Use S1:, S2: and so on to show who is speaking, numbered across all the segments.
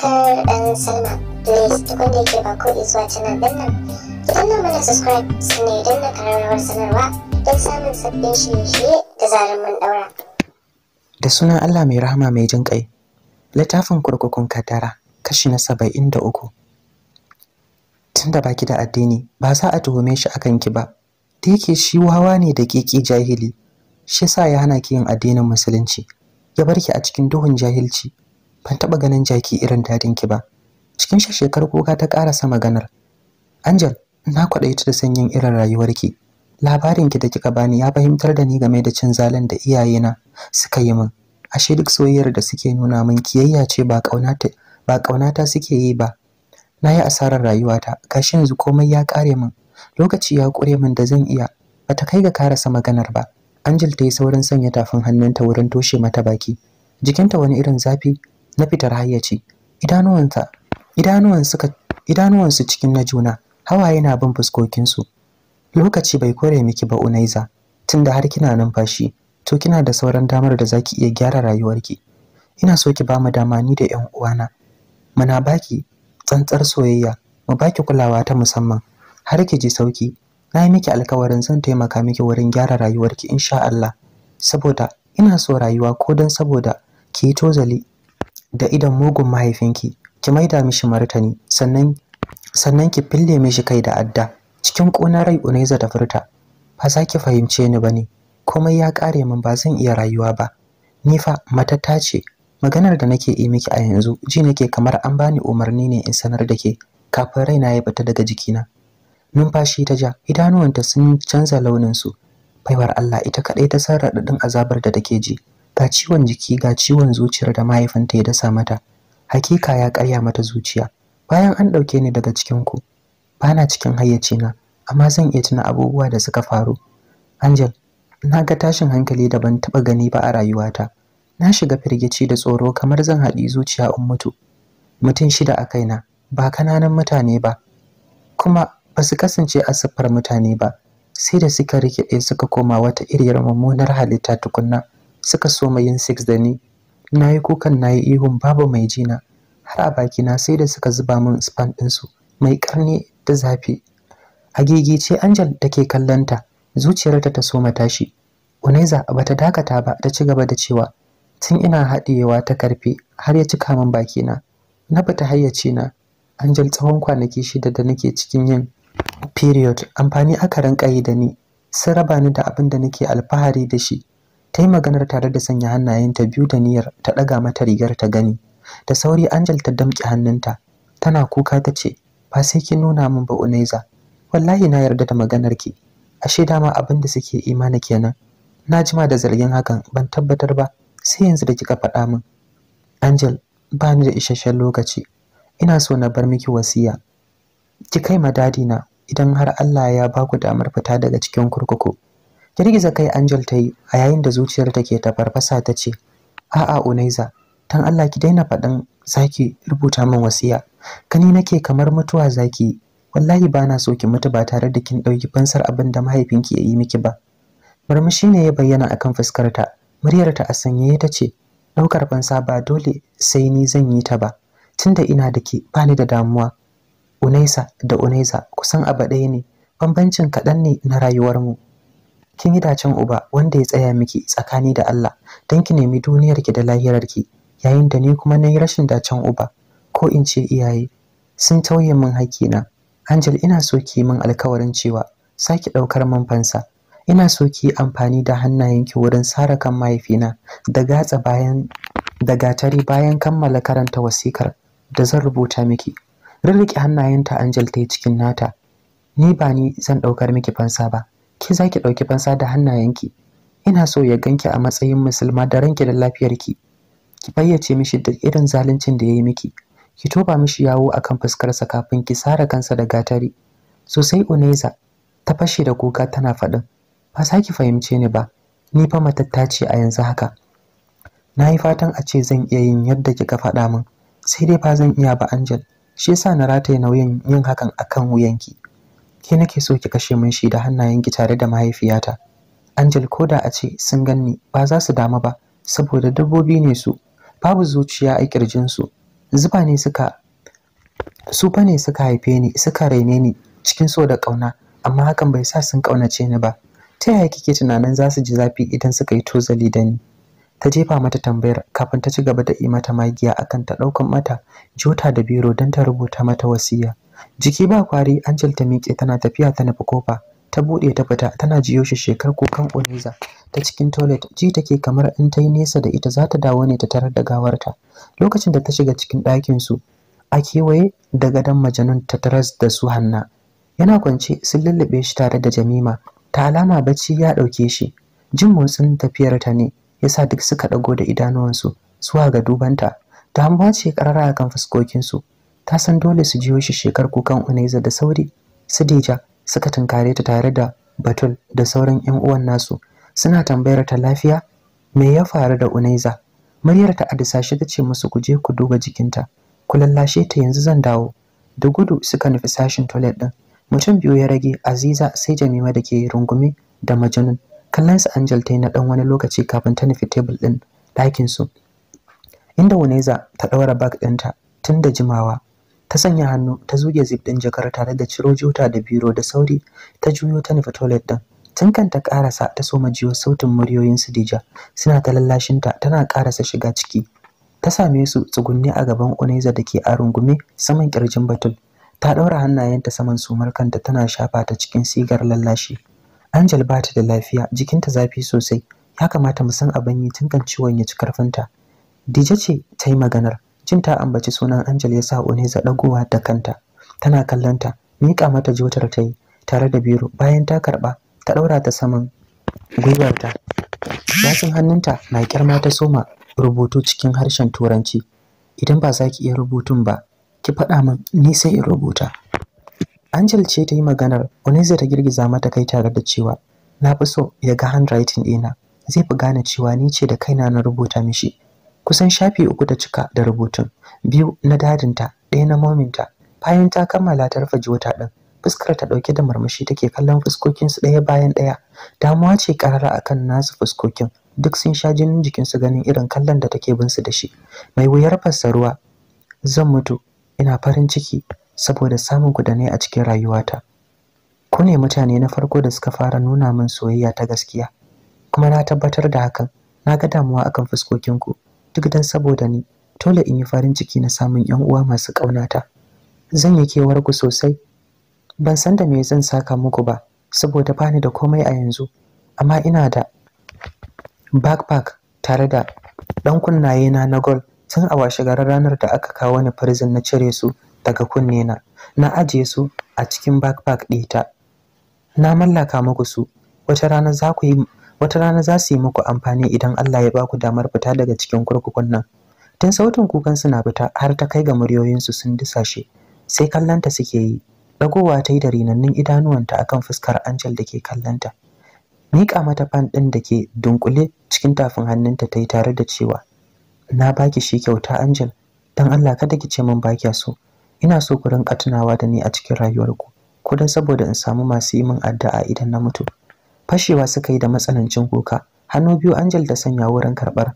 S1: subscribe and sign up. Please tukun da yake ba ko zuwa canal din nan. Ki danna mana subscribe sannan idan na kararrawar sanarwa don samun sabbin shirye-shirye da zarar mun daura. Da sunan Allah mai rahama mai jin ƙai. Littafin kurkukun kaddara, kashi na saba'in da uku. Tunda baki da addini ba za a tuhume shi akan ki ba. Da yake shi wawa ne da kiki jahili. Shi sa ya hana ki yin addinin musulunci. Ya barki a cikin duhun jahilci ban taɓa ganin jaki irin dadin ki ba cikin shekar kuka ta sa maganar angel na kwaɗayi da sanyin irin rayuwarki ki da kika bani ya fahimtar da ni game da cin zalin da iyayena suka yi min ashe duk soyayyar da suke nuna min kiyayya ce ba ƙaunata ba suke yi ba na yi asarar rayuwata gashi yanzu komai ya ƙare min lokaci ya ƙure min da zan iya bata kai ga karasa maganar ba Angel ta yi saurin sanya tafin hannunta wurin toshe mata baki jikinta wani irin zafi na fitar hayyaci idanuwansa idanuwan suka idanuwansu cikin na juna hawaye na bin fuskokinsu lokaci bai kore miki ba unaiza tunda har kina numfashi to kina da sauran damar da zaki iya gyara rayuwarki ina so ki bamu dama ni da ƴan uwana muna baki tsantsar soyayya mu baki kulawa ta musamman har ki ji sauki na yi miki alkawarin zan taimaka miki wurin gyara rayuwarki insha Allah saboda ina so rayuwa ko don saboda ki yi tozali da idan mugun mahaifinki ki maida mishi martani sannan sannan ki fille mishi kai da adda cikin ƙonar rai za ta furta ba za ki fahimce ni bane komai ya ƙare min ba zan iya rayuwa ba ni fa matata ce maganar da nake yi miki a yanzu ji nake kamar an bani umarni ne in sanar da ke kafin raina ya fita daga jikina numfashi ta ja idanuwanta sun canza launinsu baiwar Allah ita kaɗai ta san raɗaɗin azabar da take ji ga ciwon jiki ga ciwon zuciyar da mahaifinta ya dasa mata hakika ya karya mata zuciya bayan an ɗauke ni daga cikin ku bana cikin na amma zan iya tuna abubuwa da suka faru angel na ga tashin hankali da ban taba gani ba a rayuwata na shiga firgici da tsoro kamar zan haɗi zuciya in mutu mutum shida a kaina ba kananan mutane ba kuma ba su kasance a siffar mutane ba sai da suka rikide suka koma wata iriyar mummunar halitta tukunna suka so yin sex da ni na yi kukan na yi ihun babu mai jina har a na sai da suka zuba min span ɗinsu mai karni da zafi a ce angel take kallonta zuciyarta ta so matashi. uneza ba ta dakata ba ta ci gaba da cewa tun ina haɗiyewa ta karfe har ya cika min bakina na fita hayyace na angel tsawon kwanaki shida da nake cikin yin period amfani aka ranka da ni sun raba ni da abin da nake alfahari da shi ta yi maganar tare da sanya hannayenta biyu da niyyar ta ɗaga mata rigar ta gani da sauri angel ta damƙe hannunta tana kuka ta ce ba sai kin nuna min ba Uneza. wallahi na yarda da maganar ki ashe dama abin da suke imani kenan na jima da zargin hakan ban tabbatar ba sai yanzu da kika faɗa min angel ba ni da isasshen lokaci ina so na bar miki wasiya ki kai ma dadi na idan har Allah ya ba ku damar fita daga cikin kurkuku girgiza kai angel ta yi a yayin da zuciyar ta ke ta farfasa ta ce a'a unaiza tan allah ki daina faɗin zaki rubuta min wasiya kani nake kamar mutuwa zaki wallahi ba na so ki mutu ba tare da kin ɗauki fansar abin da mahaifinki ya yi miki ba murmushi ne ya bayyana akan fuskarta muryarta a sanyaye ta ce ɗaukar fansa ba dole sai ni zan yi ta ba tunda ina da ke ba ni da damuwa unaisa da unaiza kusan abu ɗaya ne bambancin kaɗan ne na rayuwarmu kin yi dacen uba wanda ya tsaya miki tsakani da Allah don ki nemi duniyarki da lahirarki yayin da ni kuma na yi rashin dacen uba ko in ce iyaye sun tauye min haƙƙina Angel ina so ki min alkawarin cewa saki ɗaukar man fansa ina so ki yi amfani da hannayenki wurin sare kan mahaifina da gatsa bayan da gatari bayan kammala karanta wasikar da zan rubuta miki rirriƙe hannayenta Angel ta yi cikin nata ni ba ni zan ɗaukar miki fansa ba ki zaki ki ɗauki fansa da hannayenki ina so ya ganki a matsayin musulma da ranki da lafiyarki ki bayyace mishi duk irin zaluncin da ya yi miki ki toba mishi yawo akan fuskarsa kafin ki sare kansa da gatari sosai uneza ta fashe da kuka tana faɗin ba saki fahimce ni ba ni fa matattaci a yanzu haka nayi fatan a ce zan iya yin yadda kika faɗa min sai dai ba zan iya ba angel shi yasa na rataye nauyin yin hakan akan wuyanki ke nake so ki kashe min shi da hannayenki tare da mahaifiyata Angel koda a ce sun ganni ba za su damu ba saboda dabbobi ne su babu zuciya a kirjin su zuba ne suka su fa ne suka haife ni suka raine ni cikin so da ƙauna, amma hakan bai sa sun ƙaunace ni ba ta yaya kike tunanin za su ji zafi idan suka yi tozali da ni ta jefa mata tambayar kafin ta ci gaba da yi mata magiya akan ta daukan mata jota da biro don ta rubuta mata wasiya jiki ba kwari angel ta miƙe tana tafiya ta nufi kofa ta buɗe ta fita tana jiyo shi shekar kukan oniza ta cikin toilet ji take kamar in ta yi nesa da ita za ta dawo ne ta tarar da gawarta lokacin da ta shiga cikin ɗakin su a kewaye da gadon majanun ta taras da su hanna yana kwance sun lullube shi tare da jamima ta alama bacci ya ɗauke shi jin motsin tafiyar ta ne yasa duk suka ɗago da idanuwansu zuwa ga dubanta ta hamba ce ƙarara kan fuskokinsu ta san dole su jiyo shi shekar kukan Uneza da sauri su Deja suka tunkare ta tare da Batul da sauran 'yan uwan nasu suna tambayar ta lafiya me ya faru da uneza. Maryar ta adisa shi ta ce musu ku je ku duba jikinta ku lallashe ta yanzu zan dawo da gudu suka nufi sashin toilet din mutum biyu ya rage Aziza sai Jamima da ke rungume da Majnun kallon su Angel ta yi na dan wani lokaci kafin ta nufi table din ɗakin su inda uneza ta ɗaura bag ɗinta tun da jimawa ta sanya hannu ta zuge zip din jakar tare da ciro juta da biro da sauri ta juyo ta nufi toilet din tun kan ta karasa ta soma jiyo sautin muryoyin su dija suna ta lallashinta tana karasa shiga ciki ta same su tsugunne a gaban uneza da ke a rungume saman kirjin batul ta ɗaura hannayenta saman sumar kanta tana shafa ta cikin sigar lallashi angel ba ta da lafiya jikinta zafi sosai ya kamata mu san abin yi tun kan ciwon ya ci karfinta Dija ce ta yi maganar jin ta ambaci sunan Angel ya sa Oneza dagowa da kanta tana kallanta mika mata jotar ta yi tare da biro bayan ta karba ta daura ta saman gwiwarta yatsun hannunta na kirma ta soma rubutu cikin harshen turanci idan ba za ki iya rubutun ba ki faɗa min ni sai in rubuta Angel ce ta yi maganar Oneza ta girgiza mata kai tare da cewa na fi so ya ga handwriting ɗina zai fi gane cewa ni ce da kaina na rubuta mishi kusan shafi uku da cika da rubutun biyu na dadinta ɗaya na mominta bayan ta kammala ta rufe jota ɗin fuskar ta ɗauke da murmushi take kallon fuskokinsu ɗaya bayan ɗaya damuwa ce ƙarara akan nasu fuskokin duk sun sha jinin jikinsu ganin irin kallon da take bin su da shi mai wuyar fassaruwa zan mutu ina farin ciki saboda samun ku da ne a cikin rayuwata ku ne mutane na farko da suka fara nuna min soyayya ta gaskiya kuma na tabbatar da hakan na ga damuwa akan fuskokinku duk dan saboda ni dole in yi farin ciki na samun yan uwa masu ta zan yi kewar ku sosai ban san da me zan saka muku ba saboda bani da komai a yanzu amma ina da backpack tare da dan kunnaye na na Gol, tun a washe garar ranar da aka kawo ni prison na cire su daga kunne na na ajiye su a cikin backpack ɗita na mallaka muku su wata rana za ku yi wata rana za su yi muku amfani idan Allah ya ba ku damar fita daga cikin kurkukun nan tun sautin kukan suna fita har ta kai ga muryoyinsu sun dusashe sai kallanta suke yi ɗagowa ta yi da rinannun idanuwanta a kan fuskar Angel da ke kallanta miƙa mata fan ɗin da ke dunkule cikin tafin hannunta ta yi tare da cewa na baki shi kyauta Angel Don Allah kada ki ce min baki so ina so ku rinka tunawa da ni a cikin rayuwarku ko dan saboda in samu masu yi min addu'a idan na mutu fashewa suka yi da matsanancin kuka hannu biyu angel da sanya wurin karɓar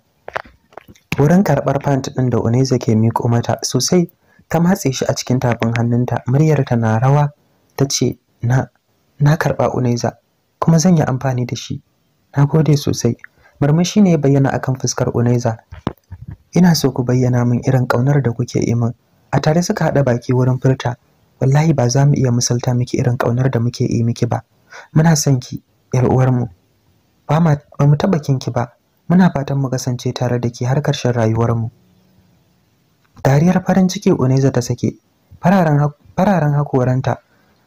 S1: wurin karɓar pant ɗin da uneza ke miko mata sosai ta matse shi a cikin tafin hannunta muryar ta na rawa ta ce na na karɓa uneza kuma zan yi amfani da shi na gode sosai murmushi ne bayyana akan fuskar uneza ina so ku bayyana min irin ƙaunar da kuke yi min a tare suka haɗa baki wurin furta wallahi ba za mu iya misalta miki irin ƙaunar da muke yi miki ba muna son ki yar uwarmu ba mu taba kinki ba muna fatan mu kasance tare da ke har ƙarshen rayuwarmu dariyar farin ciki Uneza ta sake fararen hakoranta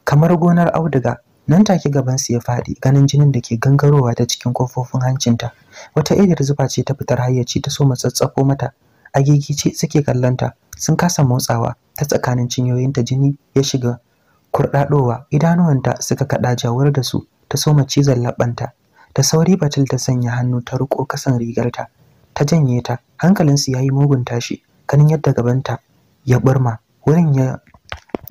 S1: kamar gonar auduga nan take gaban su ya faɗi ganin jinin da ke gangarowa ta cikin kofofin hancinta wata iriyar zufa ce ta fitar hayyaci ta so matsatsafo mata a gigice suke kallonta sun kasa motsawa ta tsakanin cinyoyinta jini ya shiga kurɗaɗowa idanuwanta suka kaɗa jawar da su ta soma cizon laɓanta. da sauri batul ta sanya hannu ta riko kasan rigarta ta janye ta hankalinsu yayi mugun tashi ganin yadda gabanta ya burma wurin ya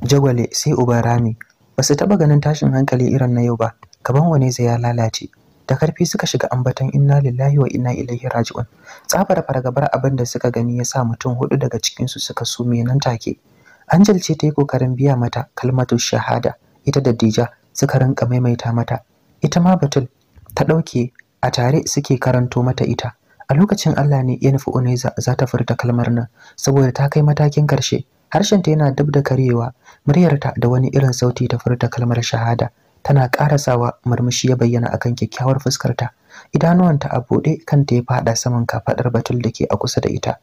S1: jagwale sai uban rami basu taba ganin tashin hankali irin na yau ba gaban wane zai ya lalace da karfi suka shiga ambaton inna lillahi wa inna ilaihi raji'un tsabar fargabar abin da suka gani ya sa mutum hudu daga cikin su suka sume nan take Angel ce ta yi kokarin biya mata kalmatu shahada ita da Dija suka rinka maimaita mata ita ma batul ta ɗauke a tare suke karanto mata ita a lokacin Allah ne ya nufi Uneza za ta furta kalmar nan saboda ta kai matakin karshe harshen ta yana dab da karyewa muryarta da wani irin sauti ta furta kalmar shahada tana karasawa murmushi ya bayyana akan kyakkyawar fuskarta idanuwanta a kan ta ya fada saman kafadar batul da ke a kusa da ita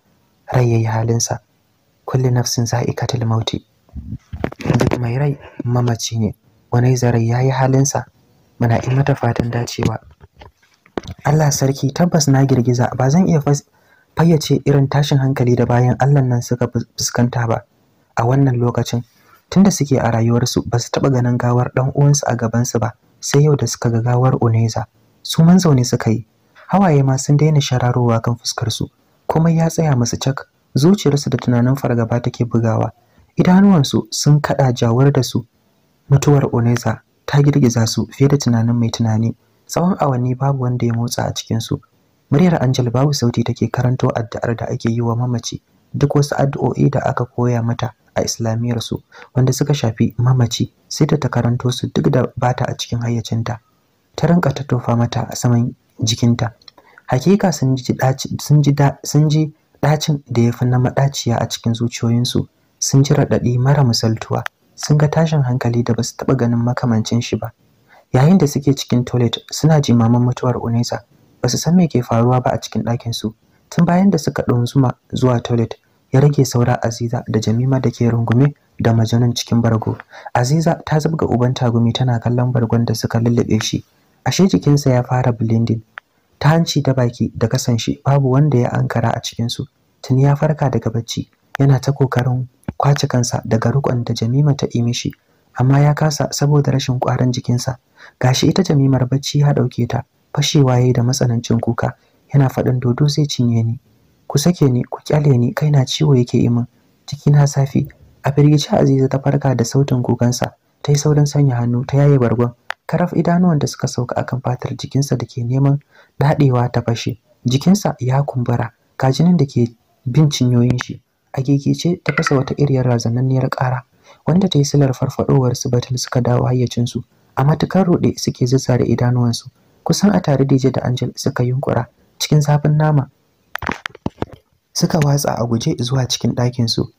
S1: rai yayi halinsa kulli nafsin za'ikatul mauti duk mai rai mamaci ne wani zarai ya yi halinsa muna yi mata fatan dacewa Allah sarki tabbas na girgiza ba zan iya fayyace irin tashin hankali da bayan Allah nan suka fuskanta ba a wannan lokacin tunda suke a rayuwarsu ba su taɓa ganin gawar ɗan uwansu a gabansu ba sai yau da suka ga gawar Oneza su man zaune suka yi hawaye ma sun daina shararowa kan fuskarsu kuma ya tsaya musu cak zuciyarsu da tunanin fargaba take bugawa idanuwansu sun kaɗa jawar da su mutuwar oneza ta girgiza su fiye da tunanin mai tunani tsawon awanni babu wanda ya motsa a cikin su muryar angel babu sauti take karanto addu'ar da ake yi wa mamaci duk wasu addu'o'i da aka koya mata a islamiyar su wanda suka shafi mamaci sai ta karanto su duk da bata a cikin hayyacinta ta rinka ta tofa mata a saman jikinta hakika sun ji sun ji sun ji dacin da ya fi na madaciya a cikin zuciyoyinsu sun ji raɗaɗi mara misaltuwa sun ga tashin hankali da basu taba ganin makamancin shi ba yayin da suke cikin toilet suna jimaman mutuwar Unesa basu san me ke faruwa ba a cikin ɗakin su tun bayan da suka zuma zuwa toilet ya rage saura Aziza da Jamima da ke rungume da majanun cikin bargo Aziza ta zubga uban tagumi tana kallon bargon da suka lullube shi ashe jikinsa ya fara blending ta hanci ta baki da kasan shi babu wanda ya ankara a cikin su tuni ya farka daga bacci yana ta kokarin kwace kansa daga rukun da Jamima ta yi mishi amma ya kasa saboda rashin ƙwarin jikinsa gashi ita Jamimar bacci ya dauke ta fashewa yayi da matsanancin kuka yana faɗin dodo zai cinye ni ku sake ni ku kyale ni kai na ciwo yake yi min na safi a firgice Aziza ta farka da sautin kukansa ta yi saurin sanya hannu ta yaye bargon karaf idanuwan da suka sauka akan fatar jikinsa da ke neman daɗewa ta fashe jikinsa ya kumbura kajinin da ke bin cinyoyin shi a gigice ta fasa wata iriyar razananniyar ƙara wanda ta yi silar farfadowar su batul suka dawo hayyacinsu a matukar ruɗe suke zazzare idanuwansu kusan a tare DJ da Angel suka yunkura cikin zafin nama suka watsa a guje zuwa cikin ɗakin su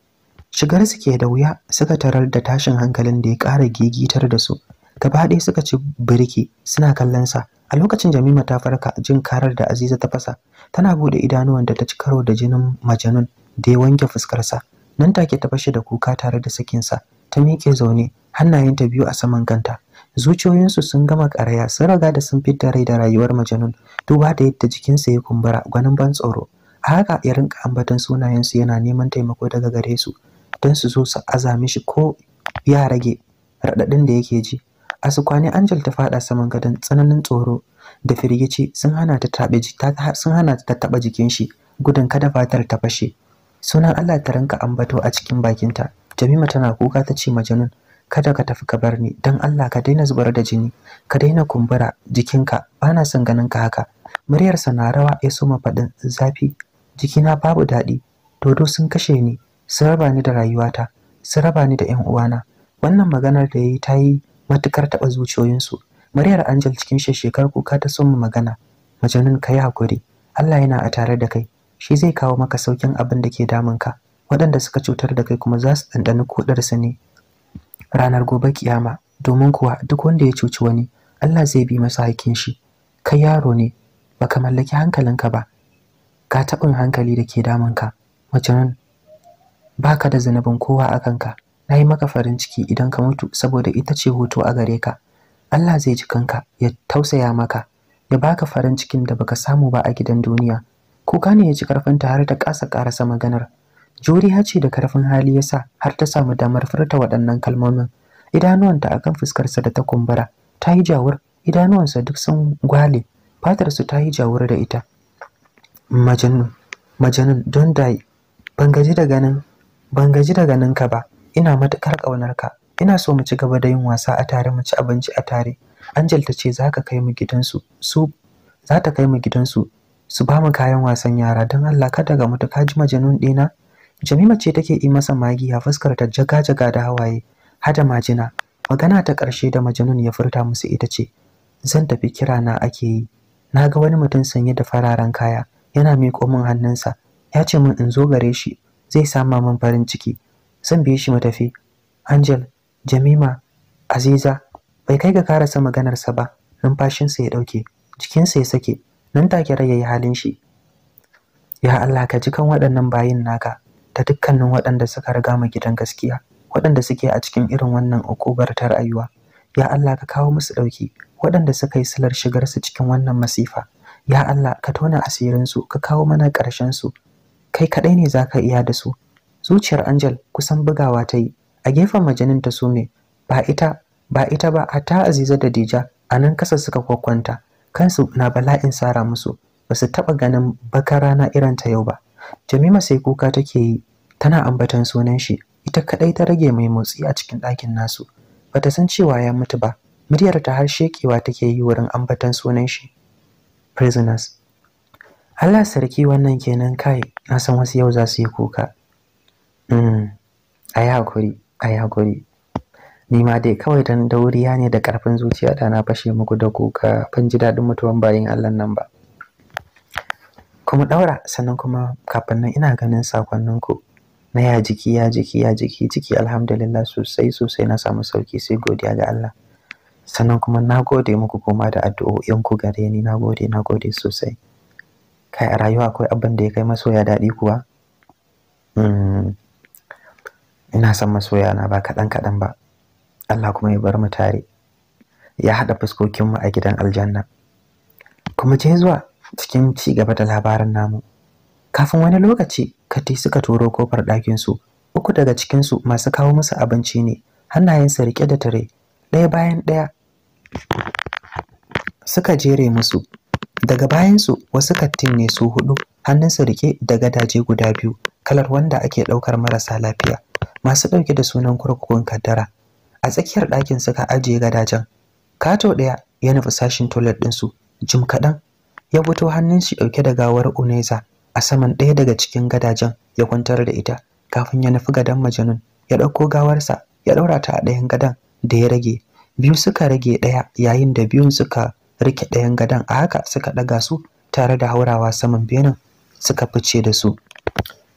S1: shigar su ke da wuya suka tarar da tashin hankalin da ya ƙara gigitar da su gaba ɗaya suka ci birki suna kallon sa a lokacin Jamima ta farka jin karar da Aziza ta fasa tana buɗe idanuwan da ta ci karo da jinin Majanun da ya wanke fuskarsa nan take ta fashe da kuka tare da sakinsa ta miƙe zaune hannayenta biyu a saman kanta zuciyoyinsu sun gama karaya sun raga da sun fitar rai da rayuwar majanun duba da yadda jikinsa ya kumbura gwanin ban tsoro a haka ya rinka ambaton sunayensu yana neman taimako daga gare su don su zo su aza mishi ko ya rage raɗaɗin da yake ji a su kwane angel ta faɗa saman gadon tsananin tsoro da firgici sun hana ta taɓa jikin shi gudun kada fatar ta fashe sunan Allah ta ranka ambato a cikin bakinta Jamima tana kuka ta ce majanun, kada ka tafi ka bar ni dan Allah ka daina zubar da jini ka daina kumbura jikinka bana son ganin ka haka muryarsa na rawa ya soma faɗin zafi jikina babu daɗi dodo sun kashe ni sun raba ni da rayuwata sun raba ni da 'yan uwana wannan maganar da yayi ta yi matukar taɓa zuciyoyinsu muryar Angel cikin shekar kuka ta soma magana majanun kai hakuri Allah yana a tare da kai shi zai kawo maka saukin abin da ke damun ka waɗanda suka cutar da kai kuma za su ɗanɗani kodarsu ne ranar gobe kiyama domin kuwa duk wanda ya cuci wani Allah zai bi masa haƙƙin shi kai yaro ne baka mallaki hankalinka ba ka taɓin hankali da ke damunka Ba baka da zinabin kowa a kanka na yi maka farin ciki idan ka mutu saboda ita ce hoto a gare ka Allah zai ji kanka ya tausaya maka ya baka farin cikin da baka samu ba a gidan duniya kuka ne ya ji karfinta har ta ƙasa karasa maganar juriya ce da karfin hali ya sa har ta samu damar furta waɗannan kalmomin idanuwanta a kan fuskarsa da ta kumbura ta yi jawur idanuwansa duk sun gwale fatarsu ta yi jawur da ita majanun majanun don dai ban gaji da ganin ban da ganin ka ba ina matukar ƙaunar ka ina so mu ci gaba da yin wasa a tare mu ci abinci a tare Angel ta ce za ka kai mu gidansu su za ta kai mu gidansu su ba mu kayan wasan yara don Allah kada ga mutu kaji majanun ɗina Jamima ce take yi masa magiya fuskar ta jaga-jaga da hawaye hada majina magana ta ƙarshe da majanun ya furta musu ita ce zan tafi kira na ake yi na ga wani mutum sanye da fararen kaya yana miƙo min hannunsa ya ce min in zo gare shi zai sama min farin ciki zan biye shi mu tafi Angel Jamima Aziza bai kai ga karasa maganarsa ba numfashinsa ya ɗauke jikinsa ya sake nan take rage yayi halin shi ya Allah ka ji kan waɗannan bayin naka ta dukkanin waɗanda suka riga mu gidan gaskiya waɗanda suke a cikin irin wannan ukubar ta rayuwa ya Allah ka kawo musu ɗauki waɗanda suka yi silar shigar su cikin wannan masifa ya Allah ka tona asirin su ka kawo mana ƙarshen su kai kaɗai ne zaka iya da su zuciyar Angel kusan bugawa ta yi a gefen majinin ta ne. ba ita ba ita ba hatta Aziza da Dija a nan kasa suka kwakwanta kansu na bala'in sara musu ba su taɓa ganin baka rana irin ta yau ba jamima sai kuka take yi tana ambaton sunan shi ita kadai ta rage mai motsi a cikin ɗakin nasu bata san cewa ya mutu ba muryar ta har shekewa take yi wurin ambaton sunan shi prisoners Allah sarki wannan kenan kai na san wasu yau za su yi kuka mm. a yi hakuri a yi hakuri ni ma dai kawai dan dauriya ne da karfin zuciya da na fashe muku da kuka ban ji daɗin mutuwan bayin Allah nan ba kuma ɗaura sannan kuma kafin nan ina ganin sakonninku na ya jiki ya jiki ya jiki ciki alhamdulillah sosai sosai na samu sauki sai godiya ga Allah sannan kuma na gode muku kuma da addu'o'inku gare ni na gode na gode sosai kai a rayuwa akwai abin da ya kai masoya daɗi kuwa hmm. ina son masoya na ba kaɗan kaɗan ba Allah kuma ya bar mu tare ya haɗa fuskokinmu a gidan aljanna kuma je zuwa cikin ci gaba da labarin namu kafin wani lokaci kati suka turo kofar ɗakinsu uku daga cikinsu masu kawo musu abinci ne hannayensa riƙe da tare ɗaya bayan ɗaya suka jere musu daga bayansu wasu kattin ne su hudu hannunsu riƙe da gadaje guda biyu kalar wanda ake ɗaukar marasa lafiya masu ɗauke da sunan kurkukun kaddara a tsakiyar ɗakin suka ajiye gadajen kato ɗaya ya nufi sashin toilet ɗinsu jim kaɗan ya fito hannun shi ɗauke da gawar uneza a saman ɗaya daga cikin gadajen ya kwantar da ita kafin ya nufi gadon majanun ya ɗauko gawarsa ya ɗaura ta a ɗayan gadon da ya rage biyu suka rage ɗaya yayin da biyun suka rike ɗayan gadon a haka suka ɗaga su tare da haurawa saman benin suka fice da su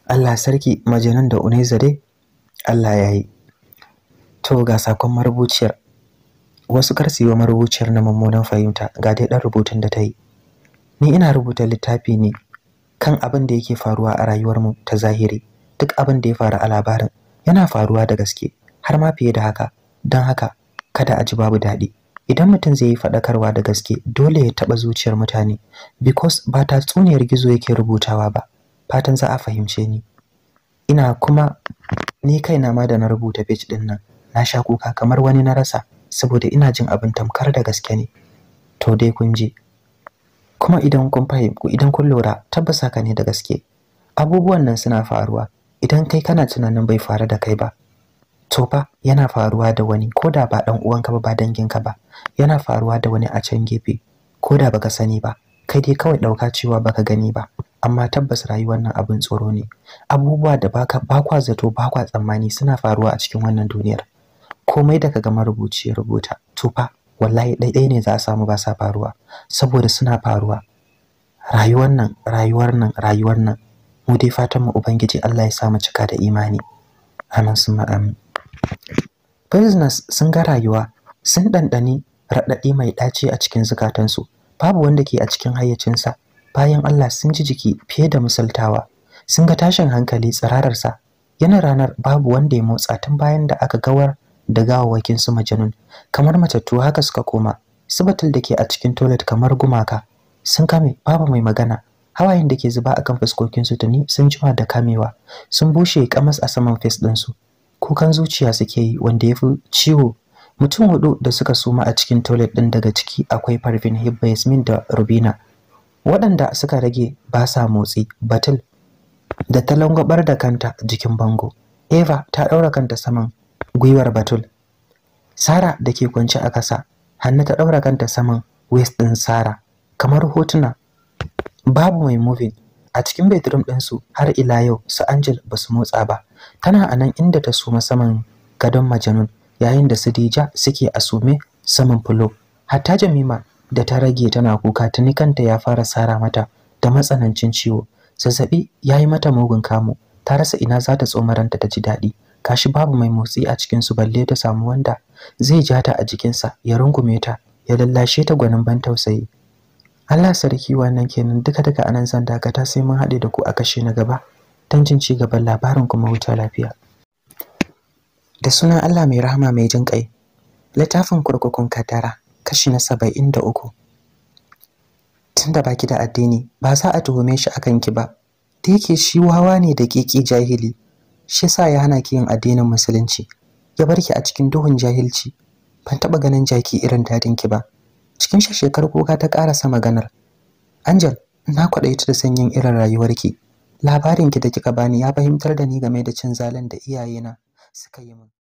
S1: Allah sarki majanun da uneza dai Allah ya yi to ga sakon marubuciyar wasu kar marubuciyar na mummunan fahimta ga dai dan rubutun da ta yi ni ina rubuta littafi ne kan abin da yake faruwa a rayuwar mu ta zahiri duk abin da ya faru a labarin yana faruwa da gaske har ma fiye da haka don haka kada a ji babu daɗi idan mutum zai yi faɗakarwa da gaske dole ya taɓa zuciyar mutane because ba ta tsuniyar gizo yake rubutawa ba fatan za a fahimce ni ina kuma ni kaina ma da na rubuta page ɗin nan na sha kuka kamar wani na rasa saboda ina jin abin tamkar da gaske ne to dai kun ji kuma idan kun fahimku idan kun lura tabbasa ka ne da gaske abubuwan nan suna faruwa idan kai kana tunanin bai faru da kai ba to fa yana faruwa da wani ko da ba dan uwanka ba ba danginka ba yana faruwa da wani a can gefe ko da baka sani ba kai dai kawai dauka cewa baka gani ba amma tabbas rayuwar nan abin tsoro ne abubuwa da baka bakwa zato bakwa tsammani suna faruwa a cikin wannan duniyar komai daga ga marubuci ya rubuta to fa wallahi ɗaiɗai ne za a samu ba sa faruwa saboda suna faruwa rayuwar nan rayuwar nan rayuwar nan mu dai fatan mu ubangiji Allah ya sa mu cika da imani amin sun amin business sun ga rayuwa sun ɗanɗani raɗaɗi mai ɗaci a cikin zukatansu babu wanda ke a cikin hayyacinsa bayan Allah sun ji jiki fiye da misaltawa sun ga tashin hankali tsirararsa yana ranar babu wanda ya motsa tun bayan da aka gawar da gawawwakin su majanun kamar matattu haka suka koma subatul da ke a cikin toilet kamar gumaka sun kame babu mai magana hawayen da ke zuba akan fuskokin su tuni sun jima da kamewa sun bushe kamas a saman face din su kukan zuciya suke yi wanda ya fi ciwo mutum hudu da suka suma a cikin toilet din daga ciki akwai Parvin Hibba Yasmin da Rubina waɗanda suka rage ba sa motsi batul da ta langwabar da kanta jikin bango Eva ta ɗaura kanta saman gwiwar Batul. Sara da ke kwance a ƙasa, hannu ta ɗaura kanta saman waist ɗin Sara, kamar hotuna. Babu mai moving. A cikin bedroom ɗinsu har ila yau su Angel ba su motsa ba. Tana a nan inda ta suma saman gadon Majanun yayin da su Dija suke a sume saman fulo. Hatta Jamima da ta rage tana kuka tuni kanta ya fara sara mata da matsanancin ciwo. Zazzaɓi ya yi mata mugun kamu, ta rasa ina za ta tsomaranta ta ji daɗi. gashi babu mai motsi a cikinsu balle ta samu wanda zai ja ta a jikinsa ya rungume ta ya lallashe ta gwanin ban tausayi Allah sarki wannan kenan duka duka anan zan dakata sai mun haɗe da ku a kashe na gaba don jin ci gaban labarin kuma wuta lafiya da sunan Allah mai rahama mai jin kai littafin kurkukun katara kashi na saba'in da uku tunda baki da addini ba za a tuhume shi akan ki ba da yake shi wawa ne da kiki jahili shi sa ya hana ki yin addinin musulunci ya bar ki a cikin duhun jahilci ban taɓa ganin jaki irin dadin ki ba cikin shekar kuka ta karasa maganar angel na kwaɗayi da sanyin irin rayuwar ki. Labarin ki da kika bani ya fahimtar da ni game da cin zalin da iyayena suka yi min